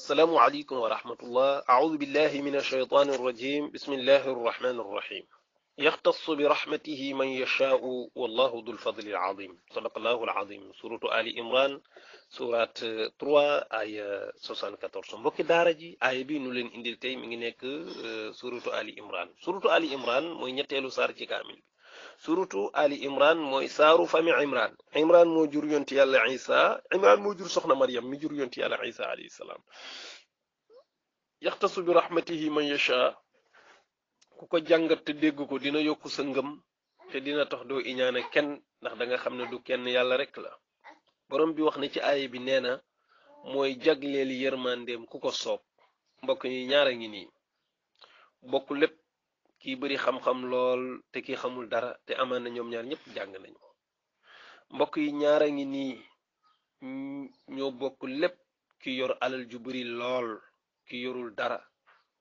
السلام عليكم ورحمة الله أعوذ بالله من الشيطان الرجيم بسم الله الرحمن الرحيم يختص برحمته من يشاء والله ذو الفضل العظيم صدق الله العظيم سورة آل إمران سورة 3 آية 74 mbokki daara ji aaya bi nu leen indil tey mi ngi nekk suratu Ali Imran suratu Ali Imran mooy surtout ali imran moy saru fami imran imran mo jur yonti yalla isa imran mo jur soxna maryam mi jur yonti yalla isa alayhi salam yaxtasu bi rahmatihi man yasha kuko ko jàngat te dégg ko dina yok sa ngëm te dina tax do iñana ken ndax da nga xamne du ken yalla rek la borom bi wax ni ci bi neena moy jagleel yermandem kuko sop mbok ñaara ngi ni bokku lepp ki bari xam-xam lol, te ki xamul dara te amana ñom ñaar ñep jang nañ ko mbokk yi ñaara ngi ni ñoo bokk lepp ki yor alal ju bari lol ki yorul dara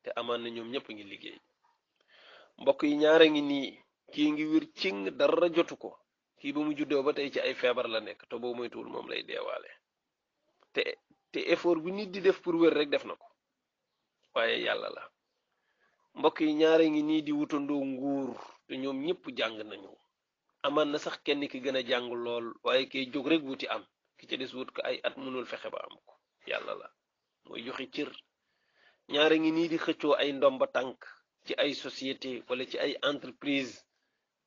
te amana ñom ñep ngi liggey mbokk yi ñaara ngi ni ki ngi wir cing dara jotu ko kii ba mu juddoo ba tey ci ay feebar la nekk te boo moytuwul moom lay deewaale te te effort bu nit di def pour wër rek def na ko waaye la mbokk yi ñaare ngi nii di wutandoo nguur te ñoom ñëpp jàng nañu amaan na sax kenn ki gën a jàng lool waaye kay jóg rek wuti am ki ca des wut ko ay at mënul fexe ba am ko yàlla la mooy joxe cër ñaare ngi nii di xëccoo ay ndomba tànk ci ay société wala ci ay entreprise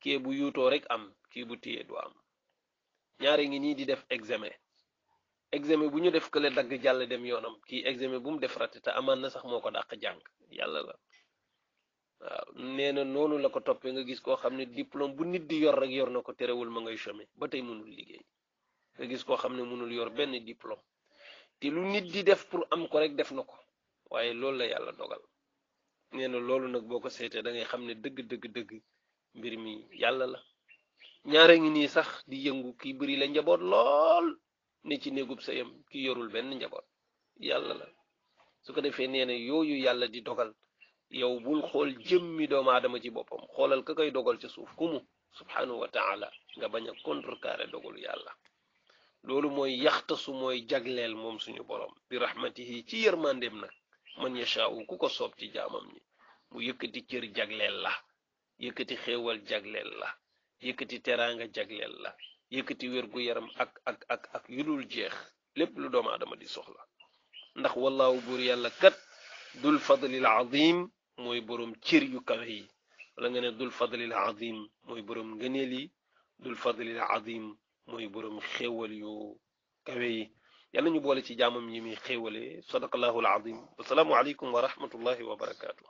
kee bu yuutoo rek am kii bu téye du am ñaare ngi nii di def examen examen bu ñu def kële dagg jàll dem yoonam kii examen bu mu def raté te amaan na sax moo ko dàq jàng yàlla la waaw nee na noonu la ko toppee nga gis koo xam ne diplôme bu nit di yor rek yor na ko terewul ma ngay chômer ba tey mënul liggéey nga gis koo xam ne mënul yor benn diplôme te lu nit di def pour am ko rek def na ko waaye loolu la yàlla dogal nee na loolu nag boo ko seetee da ngay xam ne dëgg dëgg dëgg mbir mi yàlla la ñaara ngi nii sax di yëngu kii bëri la njaboot lool ne ci néegub sayam ki yorul benn njaboot yàlla la su ko defee nee na yooyu yàlla di dogal yow bul xool jëmmi doomu aadama ci boppam xoolal ka koy dogal ca suuf kumu subhanahu wa taala nga bañ a contrecarré dogalu yàlla loolu mooy su mooy jagleel moom suñu borom bi rahmatihi ci yërmandeem nag man yashaawu ku ko soob ci jaamam ñi mu yëkkati cër jagleel la yëkkati xéewal jagleel la yëkkati teraanga jagleel la yëkkati wér gu yaram ak ak ak ak yu dul jeex lépp lu doomu adama di soxla ndax wallaahu buur yàlla kat dul fadlil azim mooy boroom cër yu kawe yi wala nga ne dul fadlil azim mooy boroom ngëneel yi dul fadlil azim mooy boroom xéewal yu kawe yi yal na ñu boole ci jaamam yi muy xéewale sadaqallahu al azim wasalaamu aleykum wa rahmatullahi wa barakaatu